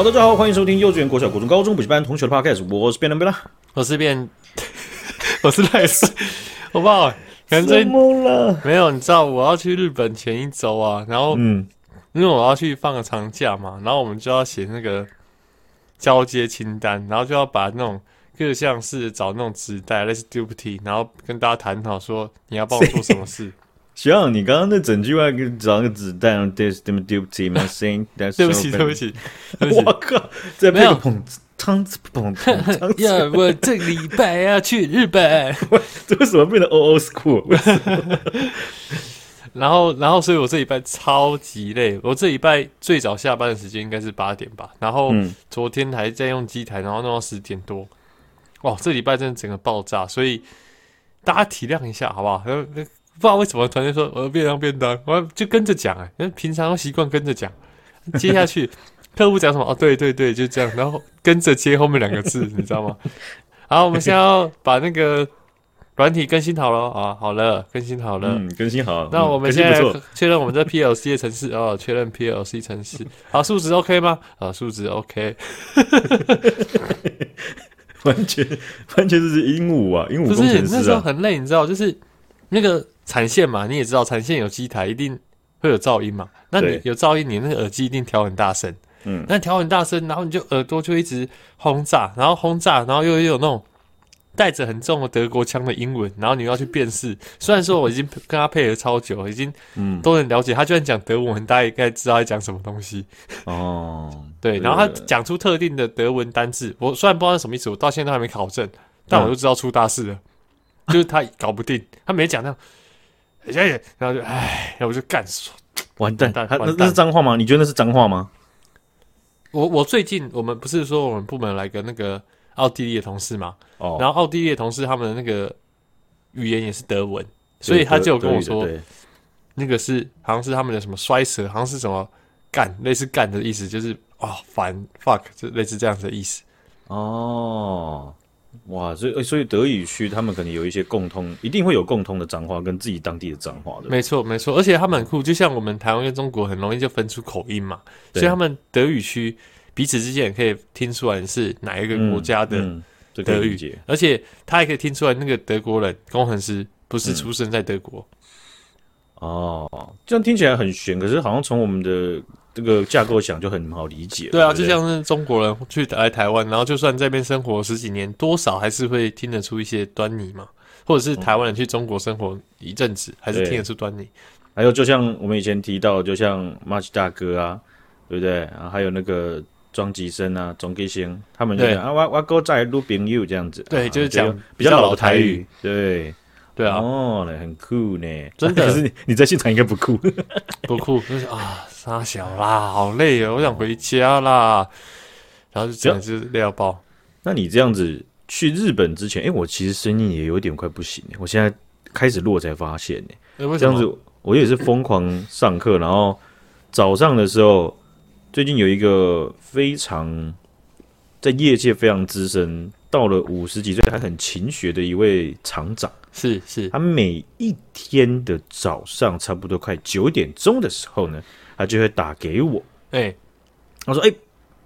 好的，大家好，歡迎收聽幼稚園、國小、國中、高中補習班同學的 Podcast，我是變能變拉，Ben La、我是變， 我是賴瑞，好不好？感懵了，沒有？你知道我要去日本前一周啊，然後，嗯，因為我要去放個長假嘛，然後我們就要寫那個交接清單，然後就要把那種各項事找那種紙袋，let's do it，然後跟大家探討說你要幫我做什麼事。行，John, 你剛剛那整句話給你找個子彈， 對不起，對不起，對不起。我靠，在被捧湯子捧湯子，呀有，我 這禮拜要、啊、去日本，這 為什麼變成 O O school？ 然後，然後，所以我這禮拜超級累。我這禮拜最早下班的時間應該是八點吧。然後昨天還在用機台，然後弄到十點多。嗯、哇，這禮拜真的整個爆炸，所以大家體諒一下，好不好？不知道為什麼團隊說我要變當變當，我就跟着講啊，因為平常習慣跟着講。接下去， 特務講什麼哦？對對對，就這樣，然後跟着接後面兩個字， 你知道嗎？好，我們先要把那個軟體更新好了啊，好了，更新好了，嗯，更新好。那我們現在確認我們在 PLC 的程式，哦，確認 PLC 程式，好數、 啊、值 OK 嗎？好、啊、數值 OK， 完全完全就是鸚鵡啊，鸚鵡不是，那時候很累，你知道，就是那個。產線嘛，你也知道，產線有機台，一定會有噪音嘛。那你有噪音，對你那個耳機一定調很大聲。嗯，那調很大聲，然後你就耳朵就一直轟炸，然後轟炸，然後又又有那種帶着很重的德國腔的英文，然後你又要去辨識。雖然說我已經跟他配合超久了， 已經嗯都能了解他，就算講德文，大家、嗯、應該知道他在講什麼東西。哦， 對，然後他講出特定的德文單字，我雖然不知道什麼意思，我到現在都還沒考證，但我就知道出大事了，嗯、就是他搞不定， 他沒講那。哎，然後我就哎，要不就幹死，完蛋，完蛋。他那蛋，那是髒話嗎？你覺得那是髒話嗎？我我最近我們不是說我們部門來個那個奧地利的同事嘛、oh. 然後奧地利的同事他們那個語言也是德文，對所以他就有跟我說，那個是好像是他們的什麼摔舌，好像是什麼幹，類似幹的意思，就是啊煩、哦、fuck，就類似這樣子的意思。哦。Oh. 哇，所以、欸、所以德語區他們可能有一些共通，一定會有共通的髒話跟自己當地的髒話的。沒錯，沒錯，而且他們很酷，就像我們台灣跟中國很容易就分出口音嘛，對所以他們德語區彼此之間也可以聽出來是哪一個國家的德語，嗯嗯、這可以理解。而且他還可以聽出來那個德國人工程師不是出生在德國。嗯哦，這樣聽起來很玄，可是好像從我們的這個架構想就很好理解了。對啊，對對就像是中國人去來台灣，然後就算在那邊生活十幾年，多少還是會聽得出一些端倪嘛。或者是台灣人去中國生活一陣子，嗯、還是聽得出端倪。還有，就像我們以前提到，就像 Machi 大哥啊，對不對？啊，還有那個莊吉生啊、莊吉興，他們就講啊，我我哥在路邊又這樣子，對，就是講比較老台語，嗯、對。對啊，哦嘞、欸，很酷呢，真的。啊、可是你在現場應該不， 不酷，不酷就是啊，殺小啦，好累哦，我想回家啦。哦、然後就這樣子累到爆，那你這樣子去日本之前，哎、欸，我其實聲音也有點快不行，我現在開始錄才發現呢。欸、為什麼？這樣子我也是瘋狂上課， 然後早上的時候，最近有一個非常在業界非常資深，到了五十幾歲還很勤學的一位廠長。是是，是他每一天的早上差不多快九點鐘的時候呢，他就會打給我。哎、欸，我說，哎、欸，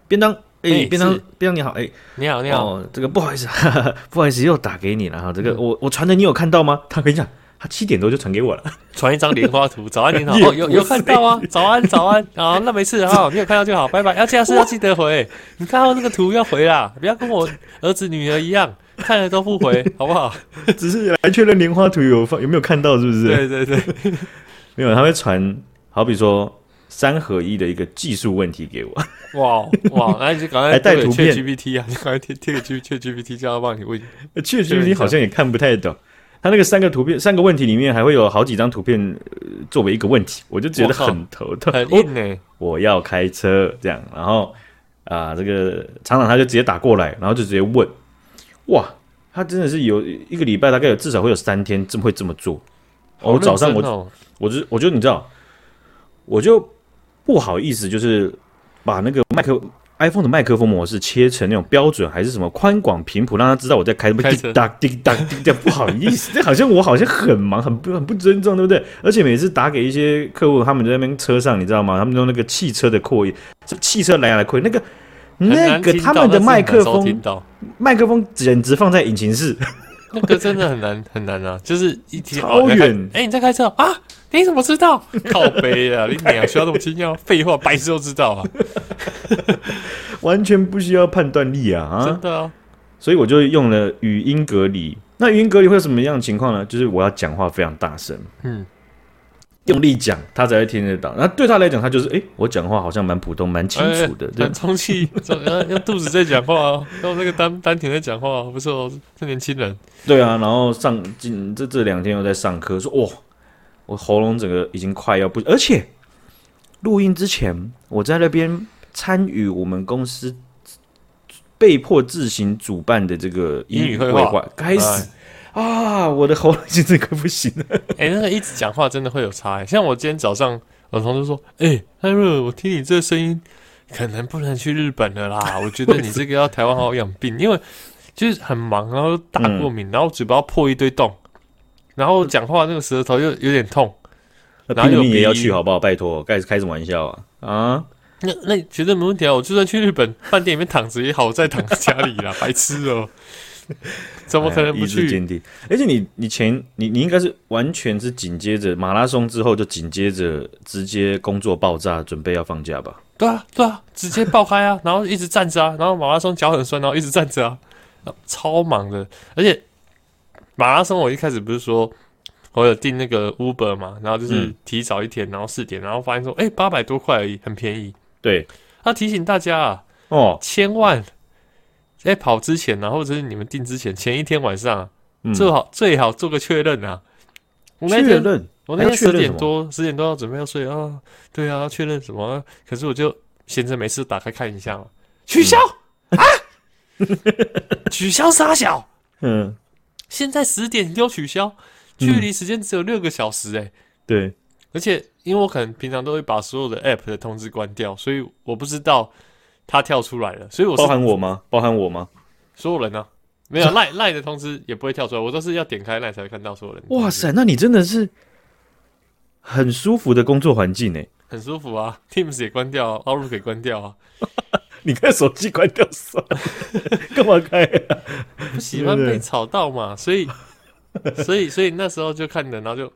便當，哎、欸，欸、便當便當你好，哎、欸，你好你好、哦，這個不好意思，哈哈哈不好意思又打給你了哈，這個、嗯、我我傳的你有看到嗎？他跟你講。啊、七點多就傳給我了，傳一張蓮花圖。早安，你好，不哦、有有看到啊？早安，早安啊、哦！那沒事啊，你、哦、有看到就好，拜拜。要記得要記得回。哇你看到這個圖要回啦，不要跟我兒子女兒一樣，看了都不回，好不好？只是還確認蓮花圖有放有沒有看到，是不是？對對對， 沒有，他會傳。好比說三合一的一個技術問題給我。哇哇，那你就趕快帶圖去 GPT 啊？你趕快貼貼個 GPT，叫他幫你問。GPT 好像也看不太懂。他那個三個圖片、三個問題裡面，還會有好幾張圖片作為一個問題，我就覺得很頭疼、欸。我要開車這樣，然後啊，這個廠長他就直接打過來，然後就直接問：哇，他真的是有一個禮拜，大概有至少會有三天這麼會這麼做。哦、我早上我，就我就，我就我就……我就你知道，我就不好意思，就是把那個麥克。iPhone 的麥克風模式切成那種標準還是什麼寬廣頻譜，讓他知道我在開什麼？滴答滴答滴答，不好意思，這好像我好像很忙，很不很不尊重，對不對？而且每次打給一些客戶，他們在那邊車上，你知道嗎？他們用那個汽車的擴音，汽車藍牙的擴音，那個那個他們的麥克風麥克風簡直放在引擎室。那個真的很難很難啊，就是一天好遠。哎遠，欸、你在開車啊？你怎麼知道？ 靠北啊，你有需要這麼輕要廢話， 白痴都知道啊， 完全不需要判斷力啊啊！真的啊，所以我就用了語音隔離。那語音隔離會有什麼樣的情況呢？就是我要講話非常大聲。嗯。用力講，他才會聽得到。那對他來講，他就是哎、欸，我講話好像蠻普通、蠻清楚的。欸欸很充氣， 用肚子在講話、哦，用那個丹丹田在講話，不錯、哦，這年輕人。對啊，然後上今這這兩天又在上課，說哇，我喉嚨整個已經快要不，而且錄音之前我在那邊參與我們公司被迫自行主辦的這個英語會話、英語會話，開始。啊，我的喉嚨現在快不行了。哎、欸，那個一直講話真的會有差，欸。像我今天早上，我同事說：“哎賴瑞我聽你這個聲音，可能不能去日本了啦。我覺得你這個要台灣好好養病，是因為就是很忙，然後大過敏，嗯、然後嘴巴要破一堆洞，然後講話那個舌頭又有點痛。那平日你要去好不好？拜托，開開什麼玩笑啊？啊，那那絕對沒問題啊。我就算去日本飯 店裡面躺着也好，再躺在家裡啦， 白痴哦、喔。”怎麼可能不去？哎、一定，而且你你前你你應該是完全是緊接着馬拉松之後就緊接着直接工作爆炸，準備要放假吧？對啊對啊，直接爆開啊， 然後一直站着啊，然後馬拉松腳很酸，然後一直站着啊，超忙的。而且馬拉松我一開始不是說我有訂那個 Uber 嘛，然後就是提早一天，嗯、然後四點，然後發現說哎八百多塊而已，很便宜。對，他提醒大家啊，哦千萬。哎、欸，跑之前呢、啊，或者是你們定之前，前一天晚上最、啊嗯、好最好做個確認啊。我確認，我那天十點多十點多要準備要睡啊。對啊，確認什麼、啊？可是我就閒著沒事，打開看一下嘛。取消、嗯、啊！ 取消殺小。嗯，現在十點你就取消，距離時間只有六個小時哎、欸嗯。對，而且因為我可能平常都會把所有的 app 的通知關掉，所以我不知道。他跳出來了，所以我是包含我嗎？包含我嗎？所有人呢、啊？沒有賴賴的通知也不會跳出來， 我都是要點開來才會看到所有人。哇塞，那你真的是很舒服的工作環境呢、欸，很舒服啊。Teams 也關掉 Outlook 也關掉啊。 你看手機關掉算了，幹 嘛開、啊？不喜歡被吵到嘛， 所以所以所以那時候就看的、啊，然後就。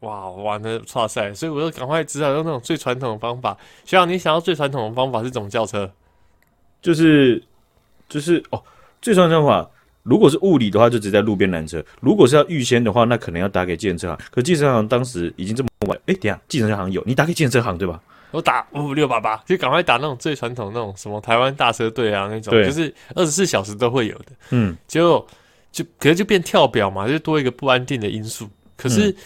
哇我玩的差賽，所以我就趕快只好用那種最傳統的方法。學長，你想要最傳統的方法是怎麼叫車？就是就是哦，最傳統方法，如果是物理的話，就只在路邊攔車；如果是要預先的話，那可能要打給計程車行。可計程車行當時已經這麼晚，哎、欸，等一下計程車行有，你打給計程車行對吧？我打五五六八八，就趕快打那種最傳統的那種什麼台灣大車隊啊那種，啊、就是二十四小時都會有的。嗯，結果就可能就變跳表嘛，就多一個不安定的因素。可是。嗯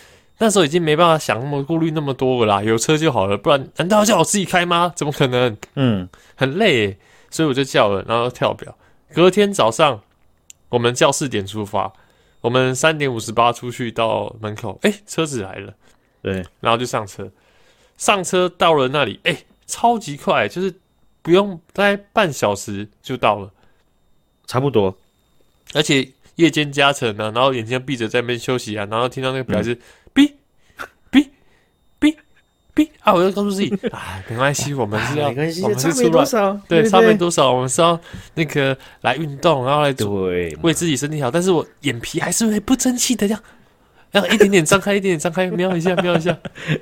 那時候已經沒辦法想那麼顧慮那麼多了啦，有車就好了，不然難道要叫我自己開嗎？怎麼可能？嗯，很累，所以我就叫了，然後跳表。隔天早上，我們叫四點出發，我們三點五十八出去到門口，誒、欸，車子來了，對，然後就上車，上車到了那裡，誒、欸，超級快，就是不用待半小時就到了，差不多，而且夜間加成呢、啊，然後眼睛閉着在那邊休息啊，然後聽到那個表示。嗯嗶啊！我要告訴自己啊，沒關係，我們是要，啊、我們是出來差沒多少，對，對差沒多少，我們是要那個來運動，然後來做對嘛，為自己身體好。但是我眼皮還是會不爭氣的，然後、啊、一點點張開，一點點張開，瞄一下，瞄一下，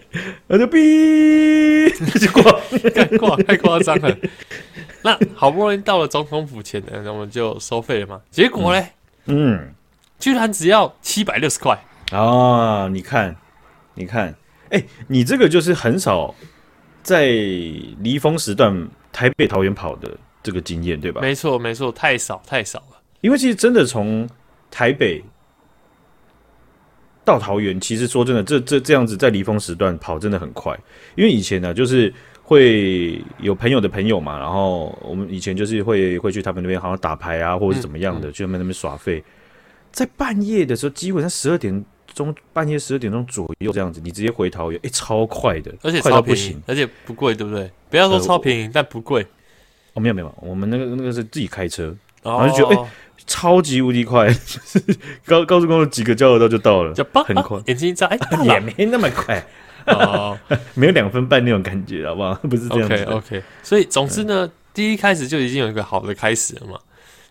我就嗶，結果 太過太誇張了。 那好不容易到了總統府前呢，那我們就收費了嘛？結果呢、嗯？嗯，居然只要七百六十塊啊！你看，你看。哎、欸，你這個就是很少在離峰時段台北桃園跑的這個經驗，對吧？沒錯，沒錯，太少太少了。因為其實真的從台北到桃園，其實說真的，這這這樣子在離峰時段跑真的很快。因為以前呢、啊，就是會有朋友的朋友嘛，然後我們以前就是會會去他們那邊，好像打牌啊，或者是怎麼樣的，嗯嗯、去他們那邊耍廢，在半夜的時候，基本上十二點，中半夜十二點鐘左右這樣子，你直接回桃園，哎、欸，超快的，而且超便宜快到不行，而且不貴，對不對？不要說超便宜，呃、但不貴。哦，沒有沒有，我們那個那個是自己開車，哦、然後就覺得哎、欸，超級無敵快，就是高高速公路幾個交流道就到了，就啊、很快寬，眼睛一眨、啊。也沒那麼快，哦、 沒有兩分半那種感覺，好不好？不是這樣子。Okay, OK，所以總之呢，嗯、第一開始就已經有一個好的開始了嘛。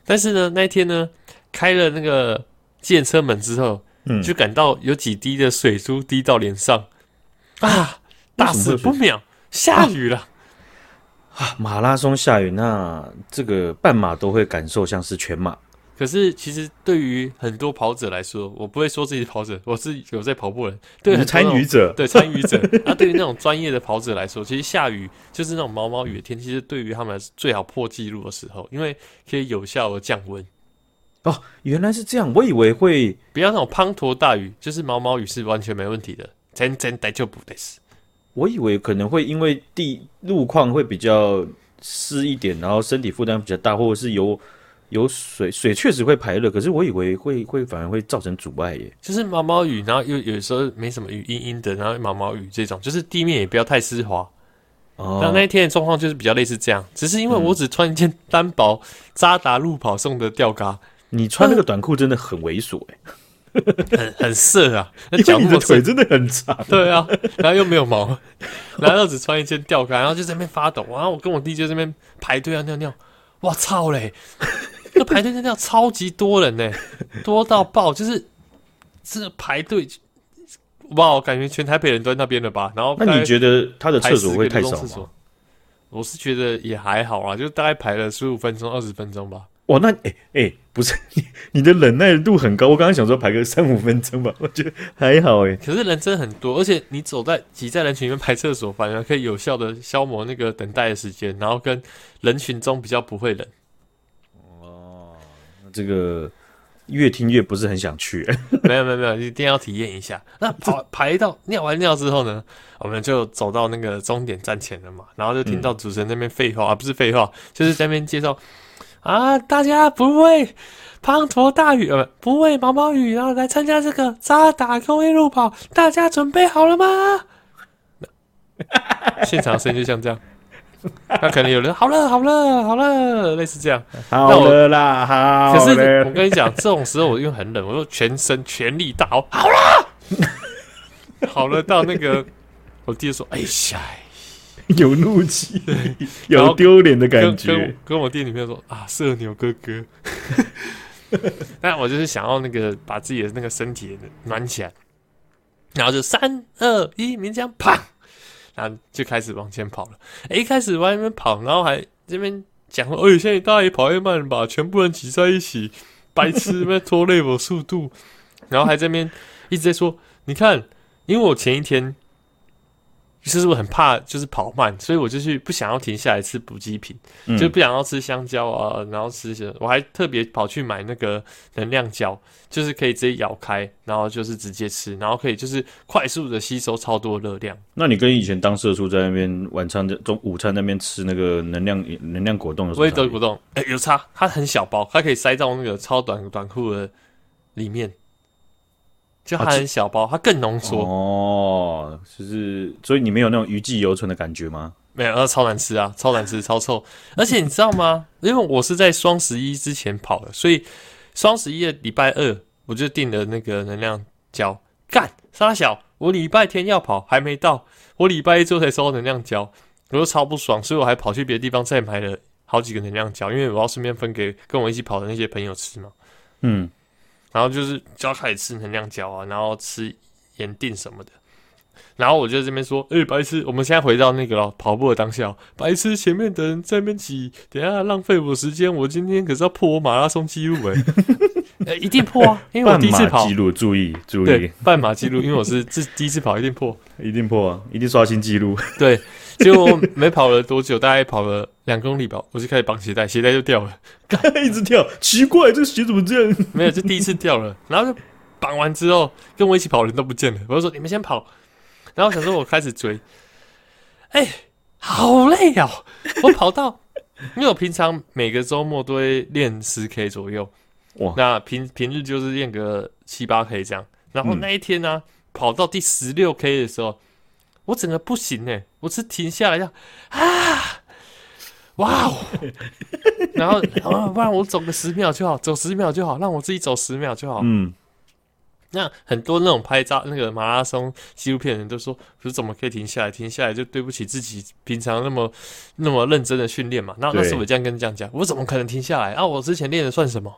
但是呢，那一天呢，開了那個建車門之後。就感到有幾滴的水珠滴到臉上，啊，大事不妙，下雨了！啊，馬拉松下雨，那這個半馬都會感受像是全馬。可是其實對於很多跑者來說，我不會說自己跑者，我是有在跑步的，對參與者，對參與者。那對於那種專業的跑者來說，其實下雨就是那種毛毛雨的天氣，是對於他們最好破紀錄的時候，因為可以有效的降溫。哦，原來是這樣，我以為會不要那種滂沱大雨，就是毛毛雨是完全沒問題的，全然大丈夫です。我以為可能會因為地路況會比較濕一點，然後身體負擔比較大，或者是有有水，水確實會排熱，可是我以為會會反而會造成阻礙耶。就是毛毛雨，然後又有,有時候沒什麼雨，陰陰的，然後毛毛雨這種，就是地面也不要太濕滑。哦，但那那一天的狀況就是比較類似這樣，只是因為我只穿一件單薄渣打路跑送的吊嘎。嗯你穿那個短褲真的很猥瑣哎、欸，很很色啊！那腳褲腿真的很長， 很長 對啊，然後又沒有毛，然後只穿一件吊嘎，然後就在那邊發抖。然後我跟我弟就在那邊排隊啊，尿尿。哇操嘞！ 那排隊尿尿超級多人呢、欸，多到爆，就是這排隊哇，我感覺全台北人都在那邊了吧？然後那你覺得他的廁所會太少嗎？我是覺得也還好啊，就大概排了十五分鐘、二十分鐘吧。哇，那哎哎。欸欸不是你，你的忍耐度很高。我剛剛想說，排個三五分鐘吧，我覺得還好誒、欸。可是人真的很多，而且你走在擠在人群裡面排廁所，反而可以有效的消磨那個等待的時間，然後跟人群中比較不會冷。哦，那這個越聽越不是很想去、欸。沒有沒有沒有，一定要體驗一下。那跑 排到尿完尿之後呢，我們就走到那個終點站前了嘛，然後就聽到主持人那邊廢話、嗯啊，不是廢話，就是在那邊介紹。 啊！大家不畏滂沱大雨，呃，不畏毛毛雨，然後來參加這個渣打公 v 路跑，大家準備好了嗎？現場聲就像這樣，那可能有人說好了，好了，好了，類似這樣，好了啦，好了。可是我跟你講，這種時候我因為很冷，我說全身全力大好，好了，好了到那個，我弟說，哎呀。有怒氣， 有丟臉的感覺。跟跟我，跟我店裡面說啊，社牛哥哥， 但我就是想要那個把自己的那個身體暖起來，然後就三二一，鳴槍，啪，然後就開始往前跑了。欸、一開始往那邊跑，然後還這邊講哦，現在大爺跑越慢吧，把全部人擠在一起，白痴在拖累我速度，然後還這邊一直在說，你看，因為我前一天。其實我很怕就是跑慢，所以我就去不想要停下來吃補給品，嗯、就不想要吃香蕉啊，然後吃些。我還特別跑去買那個能量膠，就是可以直接咬開，然後就是直接吃，然後可以就是快速的吸收超多熱量。那你跟以前當社畜在那邊晚餐的中午餐那邊吃那個能量能量果凍的時候，我也道果凍哎有差，它很小包，它可以塞到那個超短短褲的裡面。就它很小包，啊、它更濃縮哦，就是所以你沒有那種餘悸猶存的感覺嗎？沒有，那超難吃啊，超難吃，超臭。 而且你知道嗎？因為我是在雙十一之前跑的，所以雙十一的禮拜二我就訂了那個能量膠，幹殺小，我禮拜天要跑，還沒到，我禮拜一之後才收到能量膠，我就超不爽，所以我還跑去別的地方再買了好幾個能量膠，因為我要順便分給跟我一起跑的那些朋友吃嘛。嗯。然後就是就要開始吃能量膠啊，然後吃鹽錠什麼的。然後我就在這邊說：“哎、欸，白痴，我們現在回到那個跑步的當下、哦，白痴前面的人在那邊擠，等下浪費我時間。我今天可是要破我馬拉松記錄哎、欸 欸，一定破啊！因為我第一次跑記錄，注意注意，對半馬記錄，因為我是這第一次跑一定破， 一定破，一定刷新記錄，對。”結果沒跑了多久，大概跑了兩公里吧，我就開始綁鞋帶，鞋帶就掉了，剛才一直跳，奇怪，這鞋怎麼這樣？沒有，就第一次掉了。然後就綁完之後，跟我一起跑的人都不見了。我就說：“你們先跑。”然後想說，我開始追。 哎，好累哦！我跑到，因為我平常每個週末都會練十 K 左右，哇，那平平日就是練個七八 K 這樣。然後那一天呢、啊，嗯、跑到第十六 K 的時候。我整個不行哎、欸，我是停下來要啊，哇哦，然後啊，不然我走個十秒就好，走十秒就好，讓我自己走十秒就好。嗯，那很多那種拍照那個馬拉松紀錄片的人都說，我是怎麼可以停下來？停下來就對不起自己平常那麼那麼認真的訓練嘛。那對那時我這樣跟這樣講，我怎麼可能停下來啊？我之前練的算什麼？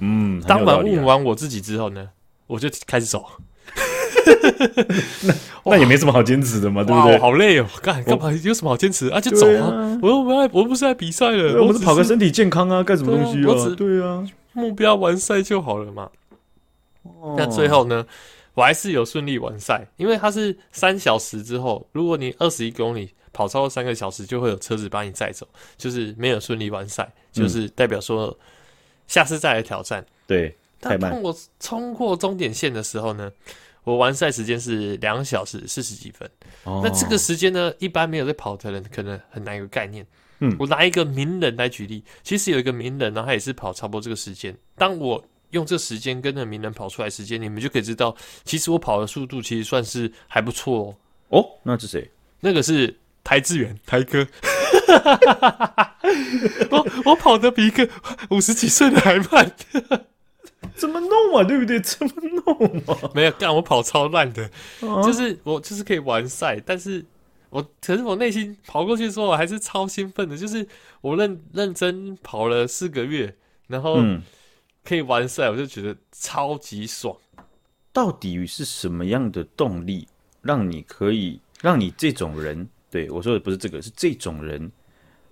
嗯，啊、當我問完我自己之後呢，我就開始走。那那也沒什麼好堅持的嘛，對不對？好累哦，幹幹嘛？有什麼好堅持啊？就走啊！我又不愛，我不是來比賽的，我是跑個身體健康啊，幹什麼東西？我只對啊，目標完賽就好了嘛。那最後呢，我還是有順利完賽，因為它是三小時之後，如果你二十一公里跑超過三個小時，就會有車子把你載走，就是沒有順利完賽，就是代表說下次再來挑戰。對，但當我衝過終點線的時候呢，我完賽時間是兩小時四十幾分，oh. 那這個時間呢，一般沒有在跑的人可能很難有概念。嗯，hmm. 我拿一個名人來舉例，其實有一個名人呢，然後他也是跑差不多這個時間。當我用這個時間跟那個名人跑出來時間，你們就可以知道，其實我跑的速度其實算是還不錯哦。哦，oh? 那是誰？那個是邰智源，邰哥。 我我跑的比一個五十幾歲的還慢的。怎麼弄啊？對不對？怎麼弄啊？沒有幹，我跑超爛的，啊、就是我就是可以完賽，但是我可是我內心跑過去的時候，我還是超興奮的，就是我認認真跑了四個月，然後、嗯、可以完賽，我就覺得超級爽。到底是什麼樣的動力，讓你可以讓你這種人對我說的不是這個，是這種人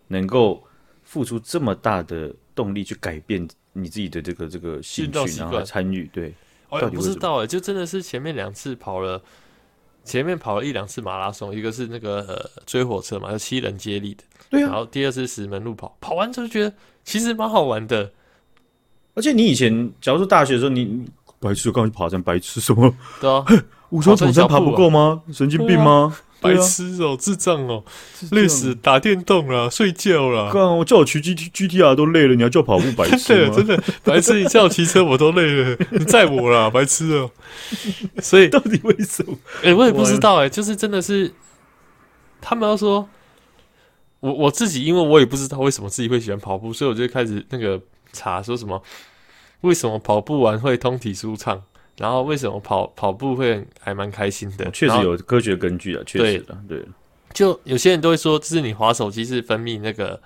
能夠付出這麼大的動力去改變？你自己的這個這個興趣，然後參與，對。我也、哦、呦，不知道哎，就真的是前面兩次跑了，前面跑了一兩次馬拉松，一個是那個呃追火車嘛，要七人接力的，對啊。然後第二次石門路跑，跑完之後覺得其實蠻好玩的，而且你以前假如說大學的時候你。嗯白痴！剛剛去爬山，白痴什麼？對啊，武川總山爬不夠嗎？神經病嗎？白痴哦，智障哦，累死，打電動啦，睡覺啦。剛我叫我騎 G T G T R 都累了，你還叫我跑步，白痴！真的，真的，白痴！你叫我騎車我都累了，你載我啦，白痴哦。所以到底為什麼？誒我也不知道誒就是真的是他們要說我我自己，因為我也不知道為什麼自己會喜歡跑步，所以我就開始那個查說什麼。為什麼跑步完會通體舒暢？然後為什麼跑跑步會還蠻開心的？確、哦、實有科學根據啊確後實的。對，對就有些人都會說，就是你滑手機是分泌那個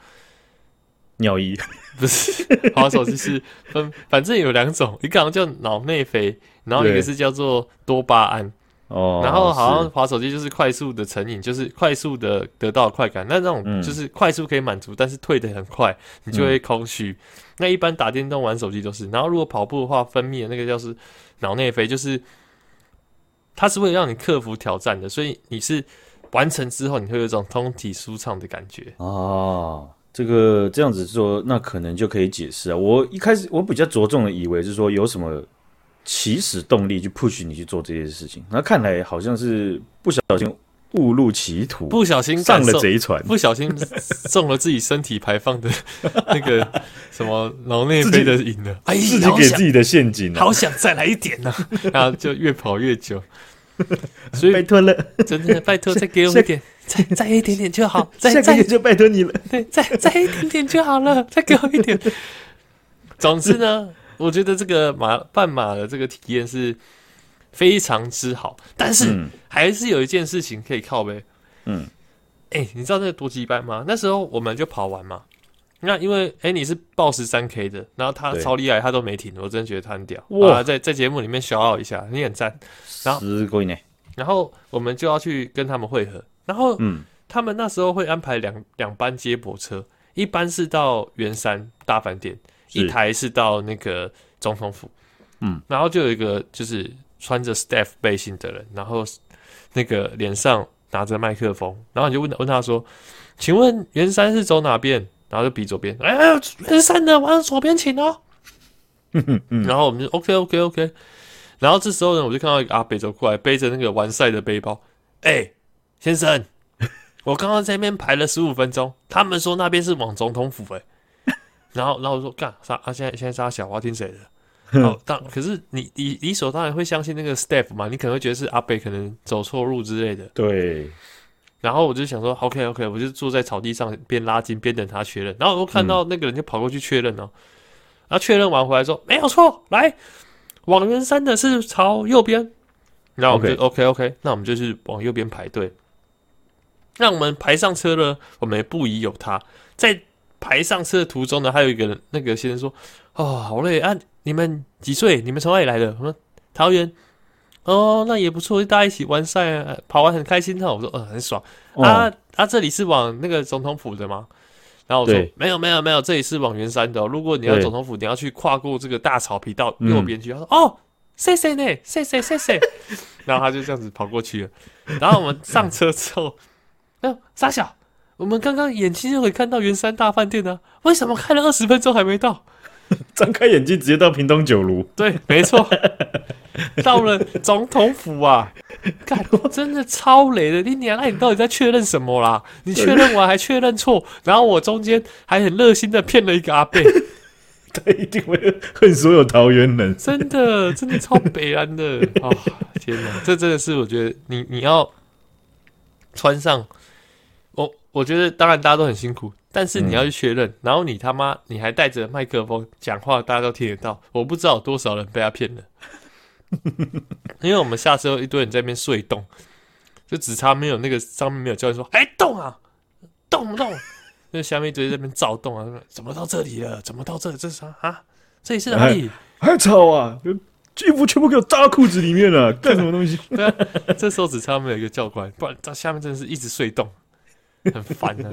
尿液醫，不是滑手機是分， 反正有兩種，一個好像叫腦內啡然後一個是叫做多巴胺。對然後好像滑手機就是快速的成癮，就是快速的得到的快感。那那種就是快速可以滿足，嗯、但是退得很快，你就會空虛。嗯那一般打電動、玩手機都是，然後如果跑步的話，分泌的那個叫是腦內啡，就是、就是、它是為了讓你克服挑戰的，所以你是完成之後，你會有一種通體舒暢的感覺。哦，這個這樣子說，那可能就可以解釋啊。我一開始我比較着重的以為是說有什麼起始動力去 push 你去做這些事情，那看來好像是不小心。誤入歧途，不小心上了賊船，不小心中了自己身體排放的那個什麼腦內啡的癮了。哎，自己給自己的陷阱、啊好，好想再來一點呢、啊， 然後就越跑越久。所以拜托了，真的拜托，再給我們一點，再再一點點就好，再再就拜托你了。對，再再一點點就好了，再給我一點。總之呢，是我覺得這個馬半馬的這個體驗是。非常之好，但是還是有一件事情可以靠北、嗯。嗯，哎、欸，你知道那個多雞巴嗎？那時候我們就跑完嘛。那因為哎、欸，你是報十三 k 的，然後他超厲害，對他都沒停。我真的覺得他很屌哇，在在節目裡面 shout out 一下，你很讚。然後，然後我們就要去跟他們會合。然後，嗯，他們那時候會安排兩兩班接駁車，一班是到圓山大飯店，是一台是到那個總統府。嗯，然後就有一個就是。穿着 staff 背心的人，然後那個臉上拿着麥克風，然後你就問問他說：“請問圓山是走哪邊？”然後就比左邊，“哎，圓山呢？往左邊請哦。” 然後我們就 “OK OK OK”。然後這時候呢，我就看到一個阿北走過來，背着那個完賽的背包，“哎、欸，先生，我剛剛在那邊排了十五分鐘，他們說那邊是往總統府哎、欸。”然後，然後我說：“幹殺！啊，現在現在殺小花聽誰的？”哦，當， 可是你你理所當然會相信那個 staff 嘛？你可能會覺得是阿北可能走錯路之類的。對。然後我就想說，OK，OK，OK, OK, 我就坐在草地上邊拉筋邊等他確認。然後我看到那個人就跑過去確認哦，嗯、然後確認完回來說沒有錯，來，往人山的是朝右邊。那我們就 OK，OK，那我們就是往右邊排隊。那我們排上車了，我們也不疑有他，在。排上車的途中呢，還有一個人，那個先生說：“哦，好累，啊，你們幾歲？你們從哪裡來的？”我說：“桃園。”哦，那也不錯，大家一起完賽啊，跑完很開心的。我說：“嗯、哦，很爽。哇”啊啊，這裡是往那個總統府的嗎？然後我說：“沒有對，沒有，沒有，這裡是往圓山的、哦。如果你要總統府，對你要去跨過這個大草皮到右邊去。嗯”他說：“哦，謝謝呢，謝謝，謝謝。”然後他就這樣子跑過去了。然後我們上車之後，哎、 啊，傻笑。我們剛剛眼睛就可以看到圓山大飯店啊，為什麼開了二十分鐘還沒到？張開眼睛直接到屏東酒樓。對，沒錯， 到了總統府啊，看， 真的超雷的！你娘咧你到底在確認什麼啦？你確認完還確認錯，對然後我中間還很熱心的騙了一個阿伯，他一定會恨所有桃園人。真的，真的超北爛的啊、 哦！天哪，這真的是我覺得你你要穿上。我覺得當然大家都很辛苦，但是你要去確認，嗯、然後你他媽你還帶着麥克風講話，大家都聽得到。我不知道有多少人被他騙了， 因為我們下車後一堆人在那邊睡動，就只差沒有那個上面沒有教練說還、欸、動啊，動不動？那 下面一堆人在那邊躁動啊，怎麼到這裡了？怎麼到這裡？這是啥啊？這裡是哪裡？還，還吵啊！衣服全部給我紮到褲子裡面了，幹 什麼東西、啊啊？這時候只差沒有一個教官，不然下面真的是一直睡動。很煩的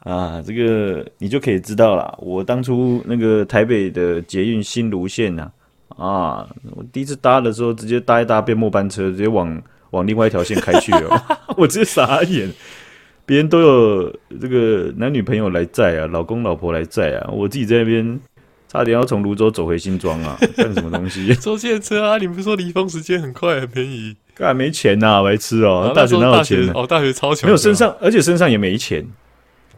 啊， 啊，這個你就可以知道了。我當初那個台北的捷運新蘆線吶、啊，啊，我第一次搭的時候，直接搭一搭變末班車，直接往往另外一條線開去了， 我直接傻眼。別人都有這個男女朋友來載啊，老公老婆來載啊，我自己在那邊差點要從蘆洲走回新莊啊，幹 什麼東西？坐現車啊！你不是說離峰時間很快很便宜。根本沒錢吶，白痴哦！大學哪有錢，啊哦那大學？哦，大學超窮。啊，沒有身上，而且身上也沒錢。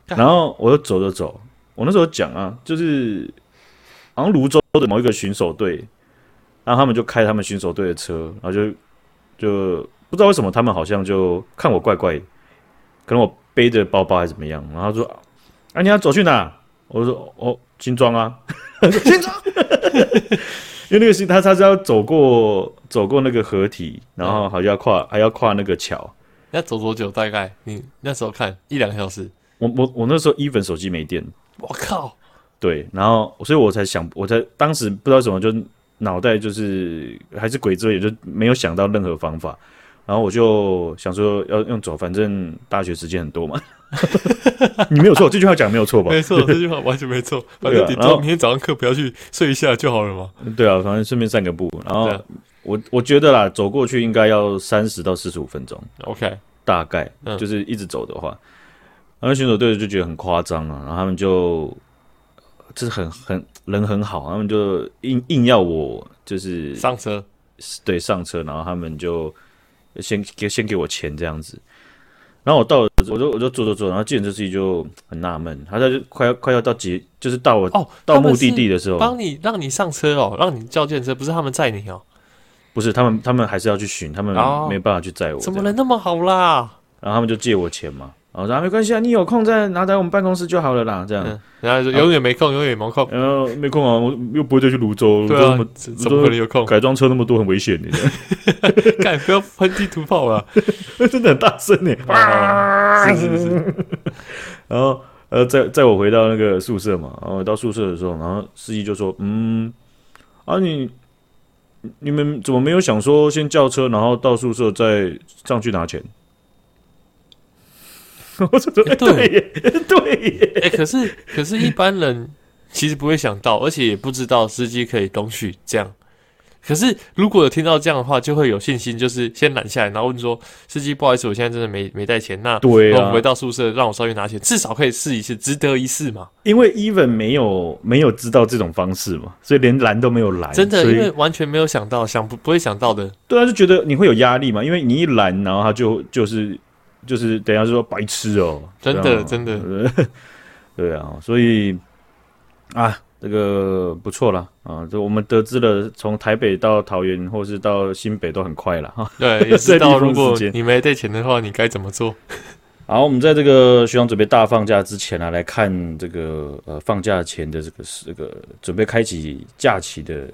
幹 然後我就走走走，我那時候講啊，就是，好像蘆洲的某一個巡守隊，然後他們就開他們巡守隊的車，然後就就不知道為什麼他們好像就看我怪怪，可能我背着包包還是怎麼樣。然後說：“啊，你要走去哪我、哦啊 莊？”我說：“哦，新莊啊。”新莊因為那個是他，他他是要走過走過那個河堤，然後好像要跨、嗯、還要跨那個橋。要走多久？大概你那時候看一兩個小時。我我我那時候一粉手機沒電。我靠！對，然後所以我才想，我才當時不知道怎麼就腦袋就是還是鬼之類，就沒有想到任何方法。然後我就想說要用走，反正大學時間很多嘛。 你沒有錯， 這句話講沒有錯吧？沒錯錯， 這句話完全沒錯。對啊，你後明天早上課不要去睡一下就好了嗎？對啊,對啊，反正順便散個步。然後、啊、我我覺得啦，走過去應該要三十到四十五分鐘。OK，大概就是一直走的話，嗯、然後選手隊就覺得很誇張啊。然後他們就就是很很人很好，他們就硬硬要我就是上車，對，上車。然後他們就先給先給我錢這樣子。然後我到了，我就我就坐坐坐，然後計程車司機就很納悶，他在就快要快要到結，就是到我哦到目的地的時候，幫你讓你上車哦，讓你叫計程車，不是他們載你哦，不是他們他們還是要去尋，他們沒、哦、沒辦法去載我，怎麼能那麼好啦？然後他們就借我錢嘛。哦，那、啊、沒關係啊，你有空再拿來我們辦公室就好了啦。這樣，然後、嗯嗯、永遠沒空，啊、永遠沒空，然後、嗯、沒空啊，我又不會再去蘆洲，對啊，怎麼可能有空？改裝車那麼多，很危險的。看 樣， 你不要噴地圖炮了，那真的很大聲呢。啊、是不是？然後，呃，在在我回到那個宿舍嘛，然後回到宿舍的時候，然後司機就說，嗯，啊你，你你們怎麼沒有想說先叫車，然後到宿舍再上去拿錢？ 我說說欸、對對，對、欸，可是可是一般人其實不會想到， 而且也不知道司機可以東去這樣。可是如果有聽到這樣的話，就會有信心，就是先攔下來，然後問說司機，不好意思，我現在真的沒沒帶錢。那對，我回到宿舍，讓我稍微拿錢，啊、至少可以試一試，值得一試嘛。因為 Even 沒有沒有知道這種方式嘛，所以連攔都沒有攔。真的，所以，因為完全沒有想到，想不不會想到的。對啊，就覺得你會有壓力嘛，因為你一攔，然後他就就是。就是等下，就說白痴哦，喔，真的，喔，真的，呵呵對啊，喔，所以啊，這個不錯了啊，這我們得知了，從台北到桃園或是到新北都很快了哈。對，呵呵也是到如果你沒帶錢的話，你該怎麼做？麼做好，我們在這個學生準備大放假之前呢，啊，來看這個呃，放假前的這個是這個準備開啟假期的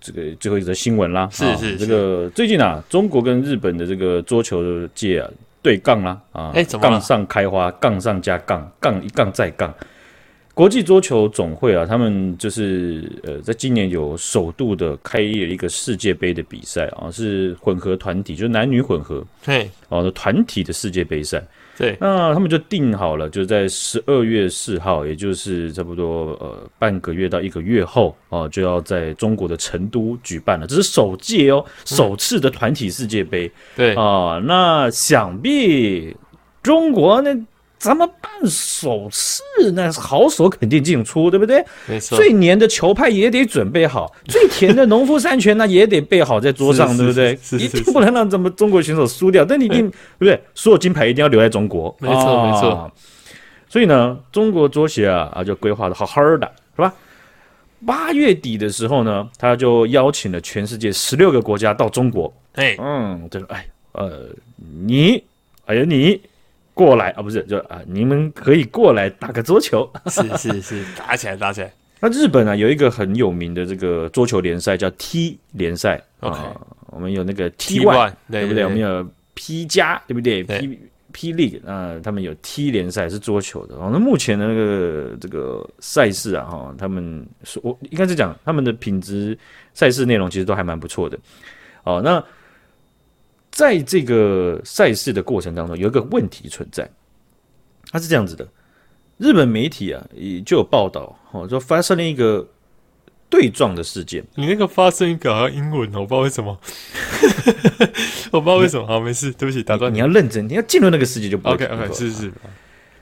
這個最後一則新聞啦。是是是，這個最近啊，中國跟日本的這個桌球界啊。對槓啦，啊，啊，槓上開花，欸，槓上加槓，槓一槓再槓。國際桌球總會啊，他們就是呃，在今年有首度的開業一個世界杯的比賽啊，是混合團體，就是男女混合，對，哦的團體的世界杯賽，對，那他們就定好了，就是在十二月四號，也就是差不多呃半個月到一個月後啊，呃，就要在中國的成都舉辦了，這是首屆哦，首次的團體世界杯，對啊，呃，那想必中國呢。咱們辦首次呢，那好手肯定進出，對不對？沒錯。最黏的球拍也得準備好，最甜的農夫山泉呢 也得備好在桌上，是是是是對不對？是一定不能讓咱們中國選手輸掉，但你一定嘿 對不對？所有金牌一定要留在中國。沒錯、哦、沒錯。沒錯 所以呢，中國桌協啊啊就規劃的好好的，是吧？八月底的時候呢，他就邀請了全世界十六個國家到中國。哎，對 嗯，對了，哎，呃，你，還、哎、有你。過來啊，哦、不是，就啊、呃，你們可以過來打個桌球。是是是， 打起來打起來。那日本啊，有一個很有名的這個桌球聯賽叫 T 聯賽啊，我們有那個 T One，對不對？我們有 P 加對，對不對？P P League 啊，他們有 T 聯賽是桌球的、哦。那目前的那個這個賽事啊，哈，他們我應該是講他們的品質賽事內容其實都還蠻不錯的。哦，那。在這個賽事的過程當中，有一個問題存在，它是這樣子的：日本媒體啊，就有報道，哦，說發生了一個對撞的事件。你那個發生一個好像英文哦，我不知道為什麼， 我不知道為什麼你好，沒事，對不起，打斷。你要認真，你要進入那個世界就不會 OK, okay。是是是、啊，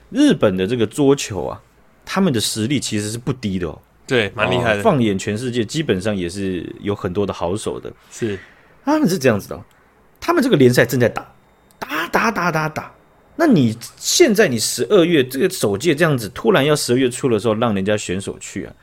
日本的這個桌球啊，他們的實力其實是不低的、哦，對，蠻厲害的、哦。放眼全世界，基本上也是有很多的好手的，是他們是這樣子的、哦。他們這個聯賽正在打，打打打打打，那你現在你十二月這個首屆這樣子，突然要十二月初的時候讓人家選手去啊，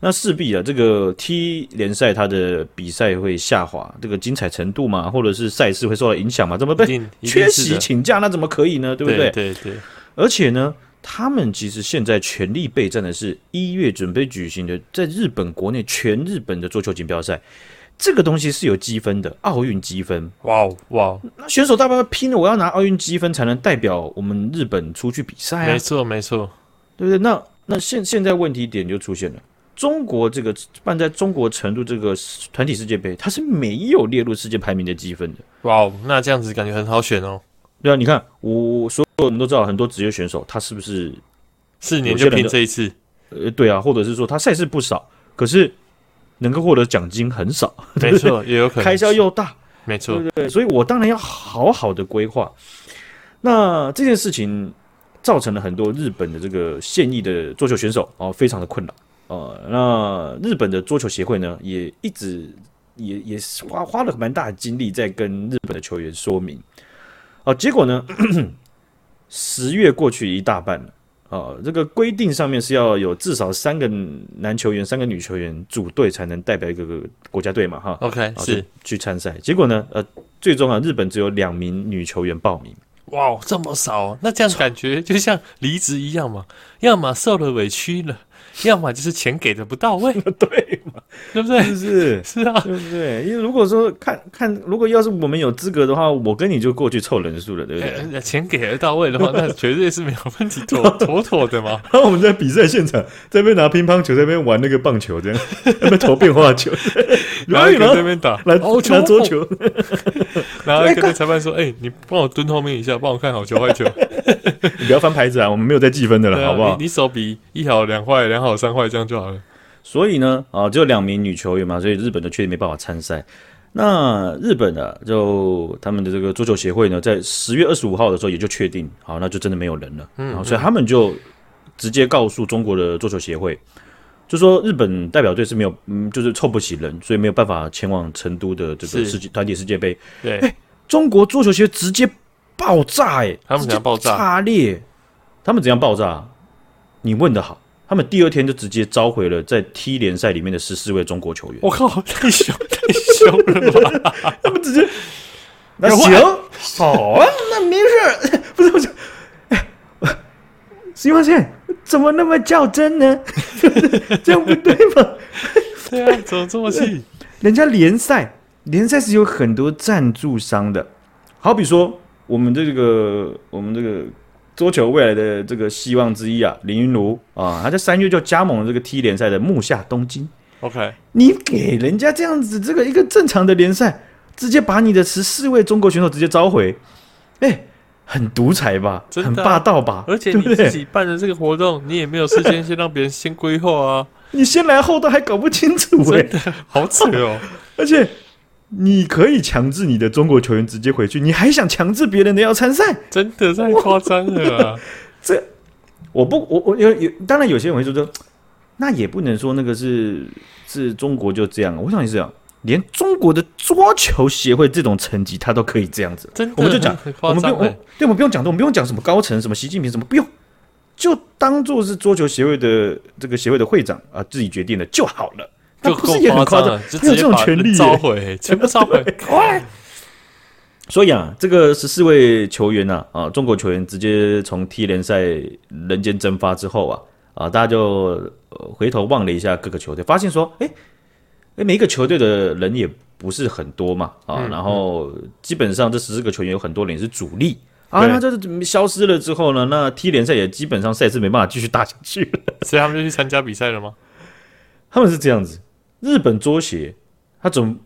那勢必啊這個 T 聯賽它的比賽會下滑，這個精彩程度嘛，或者是賽事會受到影響嘛。怎麼辦？缺席請假那怎麼可以呢？對不對？對，對對。而且呢，他們其實現在全力備戰的是一月準備舉行的，在日本國內全日本的桌球錦標賽。這個東西是有積分的，奧運積分。哇哦，哇哦！那選手大半分拼了，我要拿奧運積分才能代表我們日本出去比賽啊。沒錯，沒錯，對不對？那那現現在問題點就出現了，中國這個辦在中國成都這個團體世界杯，它是沒有列入世界排名的積分的。哇哦，那這樣子感覺很好選哦。對啊，你看，我所有人都知道，很多職業選手他是不是四年就拼這一次？呃，對啊，或者是說他賽事不少，可是。能夠獲得獎金很少，沒錯錯， 對也有可能開銷又大，沒錯錯，對，對，對，所以我當然要好好的規劃。那這件事情造成了很多日本的這個現役的桌球選手哦，非常的困擾啊、呃。那日本的桌球協會呢，也一直也也是花花了蠻大的精力在跟日本的球員說明。啊、呃，結果呢，十月過去一大半了。哦，這個規定上面是要有至少三個男球員、三個女球員組隊才能代表一個個國家隊嘛？哈，OK，哦，是。去參賽。結果呢？呃，最終啊，日本只有兩名女球員報名。哇，wow, 這麼少啊，那這樣感覺就像離職一樣嘛？ 要麼受了委屈了，要麼就是錢給的不到位， 對對不對？是是是啊，對不對？因為如果說看看，如果要是我們有資格的話，我跟你就過去湊人數了，對不對？錢給了到位的話，那絕對是沒有問題，妥妥妥的嘛。然後我們在比賽現場，在那邊拿乒乓球，在那邊玩那個棒球，這樣在那邊投變化球，然後在那邊打，然後拿桌球，然後跟裁判說：“哎，你幫我蹲後面一下，幫我看好球壞球。”你不要翻牌子啊，我們沒有在計分的了，好不好？你手比一好兩壞兩好三壞這樣就好了。所以呢，啊，只有兩名女球員嘛，所以日本就確定沒辦法參賽。那日本的、啊、就他們的這個桌球協會呢，在十月二十五號的時候也就確定，好，那就真的沒有人了。嗯，嗯、啊，所以他們就直接告訴中國的桌球協會，就說日本代表隊是沒有，嗯，就是湊不起人，所以沒有辦法前往成都的這個世界團體世界杯。對，欸、中國桌球協會直接爆炸、欸，哎，他們怎樣爆炸？炸裂？他們怎樣爆炸？你問得好。他們第二天就直接召回了在 T 聯賽裡面的十四位中國球員。我、哦、靠，太凶太凶了吧！ 他們直接， 那行、哦、好啊，那沒事，不是不是，西瓜線怎麼那麼較真呢？ 這樣不對嗎？ 對啊，怎麼這麼氣？ 人家聯賽聯賽是有很多贊助商的，好比說我們這個我們這個。桌球未來的這個希望之一啊，林雲儒啊，他在三月就加盟了這個 T 聯賽的木下東京。OK，你給人家這樣子，這個一個正常的聯賽，直接把你的十四位中國選手直接召回，哎，很獨裁吧？啊、很霸道吧？而且你自己辦的這個活動，對你也沒有事先先讓別人先規劃啊，你先來後到還搞不清楚、欸，真的好扯哦， 而且。你可以強制你的中國球員直接回去，你還想強制別人的要參賽？真的太誇張了，啊呵呵！這我不，我我有有當然有些人會說說，那也不能說那個是是中國就這樣。我想也是這樣，連中國的桌球協會這種層級，他都可以這樣子。真的我們就講，欸、我們不用我，對，我們不用講多，我們不用講什麼高層，什麼習近平，什麼不用，就當做是桌球協會的這個協會的會長啊自己決定的就好了。就故事也很誇張，沒有這種權利，全部燒毀，快！所以啊，這個十四位球員吶、啊，啊，中國球員直接從 T 聯賽人間蒸發之後啊，啊，大家就呃回頭望了一下各個球隊，發現說，哎、欸欸，每一個球隊的人也不是很多嘛，啊，然後基本上這十四個球員有很多人也是主力、嗯嗯、啊，那這怎麼消失了之後呢？那 T 聯賽也基本上賽事沒辦法繼續打下去了，所以他們就去參加比賽了嗎？他們是這樣子。日本桌協，他總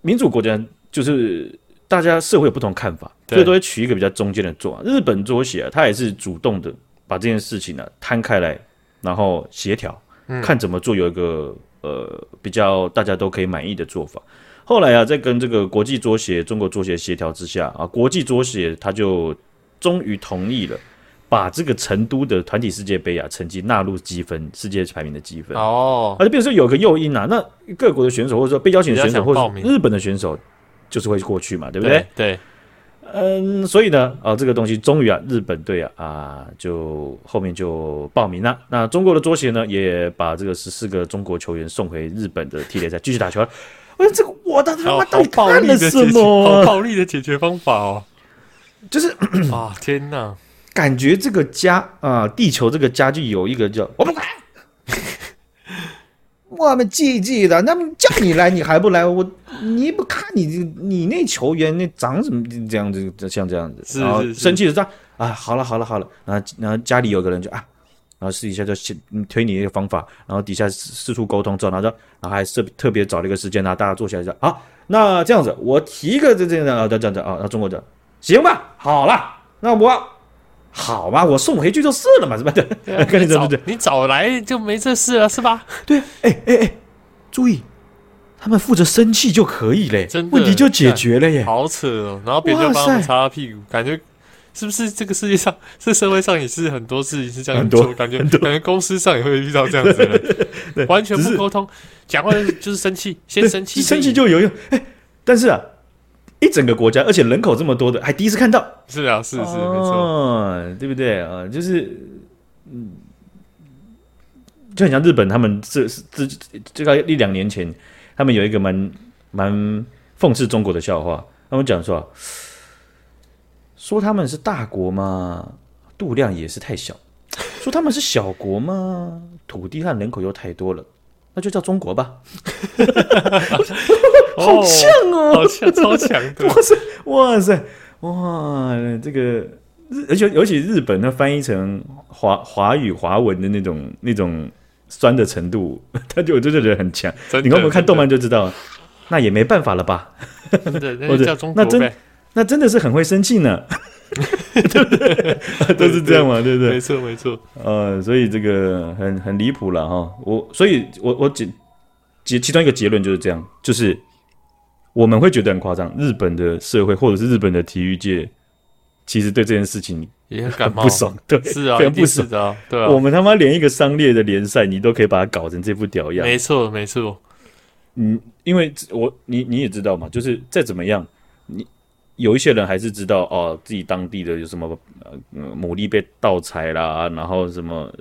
民主國家就是大家社會有不同看法，最多對取一個比較中間的做法。日本桌協啊，他也是主動的把這件事情呢、啊、攤開來，然後協調，嗯、看怎麼做有一個呃比較大家都可以滿意的做法。後來啊，在跟這個國際桌協、中國桌協協調之下啊，國際桌協他就終於同意了。把這個成都的團體世界杯啊，成績納入積分、世界排名的積分哦，而且、oh. 啊、比如說有個誘因啊，那各國的選手或者說被邀請的選手，或者日本的選手，就是會過去嘛，對，對不對？對，嗯，所以呢，啊，這個東西終於啊，日本隊啊，啊，就後面就報名了。那中國的桌協呢，也把這個十四個中國球員送回日本的 T 聯賽， 繼續打球了。我說這個，我的媽，他到底了什麼、啊、好暴力的解決、好暴力的解決方法哦，就是 啊，天哪！感覺這個家啊、呃，地球這個家，就有一個叫我不來， 我們唧記，記的，那麼叫你來你還不來，我你不看你你那球員那長什麼這樣子，像這樣子，然後生氣的這樣，啊，好了好了好了，然後然後家裡有個人就啊，然後私底下就推你一個方法，然後底下四處溝通之後，然後然後還特特別找了一個時間後、啊、大家坐下來說啊，那這樣子我提一個這這啊這這樣子啊、哦哦，中國這行吧，好了，那我。好吧，我送回去就是了嘛，是吧？對，對你早來就沒這事了，是吧？對，哎哎哎，注意，他們負責生氣就可以了，問題就解決了耶。好扯哦，然後別人就幫我擦屁股，感覺是不是這個世界上，是社會上也是很多事情是這樣很多，感覺感覺公司上也會遇到這樣子的，完全不溝通，講話就是生氣，先生氣，生氣就有用。哎，但是啊，一整個國家，而且人口這麼多的，還第一次看到。是啊，是是沒錯。哦，對不對啊？呃，就是，嗯，就很像日本，他們是這就在一兩年前，他們有一個蠻蠻諷刺中國的笑話，他們講說，說他們是大國嘛，度量也是太小； 說他們是小國嘛，土地和人口又太多了，那就叫中國吧。 好像哦，哦好強，超強的！ 哇塞，哇塞。哇，這個日而且尤其日本，它翻譯成華華語、華文的那種那種酸的程度，他就我就覺得很強。的你看我們看動漫就知道，那也沒辦法了吧？對，那那真那真的是很會生氣呢，對不對？都是這樣嘛，對不 對？沒錯，沒錯。呃，所以這個很很離譜了哈。我所以我，我我結其其中一個結論就是這樣，就是。我們會覺得很誇張，日本的社會或者是日本的體育界，其實對這件事情也很不爽。對，啊、非常不爽、啊、對、啊、我們他媽連一個商業的聯賽，你都可以把它搞成這副屌樣。沒錯，沒錯。嗯，因為我你你也知道嘛，就是再怎麼樣，你有一些人還是知道哦，自己當地的有什麼牡蠣、呃、被盜採啦、啊，然後什麼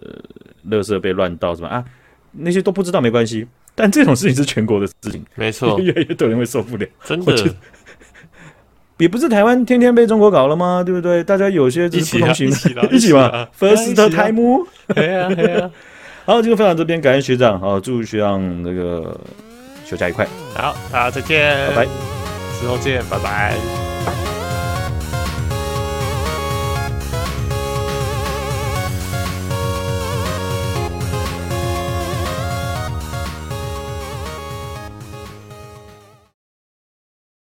樂色、呃、被亂倒什麼啊，那些都不知道沒關係。但這種事情是全國的事情，沒錯，越來越多人會受不了，真的。也不是台灣天天被中國搞了嗎？對不對？大家有些就是不同行的，一起啊、一起啊。First Time，嘿啊、嘿啊。好，這個分享這邊，感謝學長，好，祝學長那個休假愉快，好，大家再見，拜拜，之後見，拜拜。拜拜。